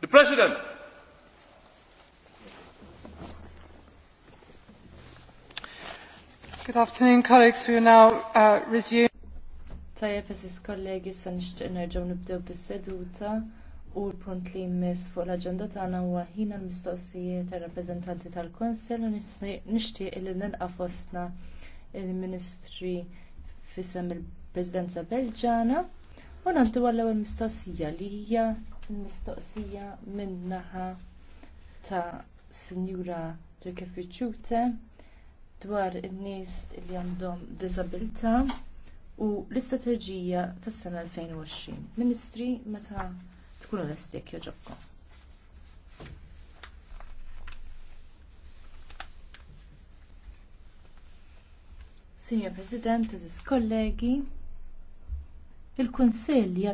The President. Good afternoon, colleagues. We will now uh, resume. Tajjeb eżis kollegi se nixtieq nerġgħu nibdew bis-seduta u l-punt li jmiss fuq l-aġenda tagħna huwa ħin l-mistoqsijiet tar-rappreżentanti tal-Konsell u nixtieq li nilqa' fostna il-Ministri fisem il-Presidenza Belġana. U nanti għallaw il-mistoqsija li hija il-mistoqsija minnaħa ta' Sinjura Rekefiċute dwar in-nies li għandhom disabilità u l istrategija tas sena 2020. Ministri, meta tkunu l-estek joġobkom. Signor President, Aziz kollegi, il-Kunsill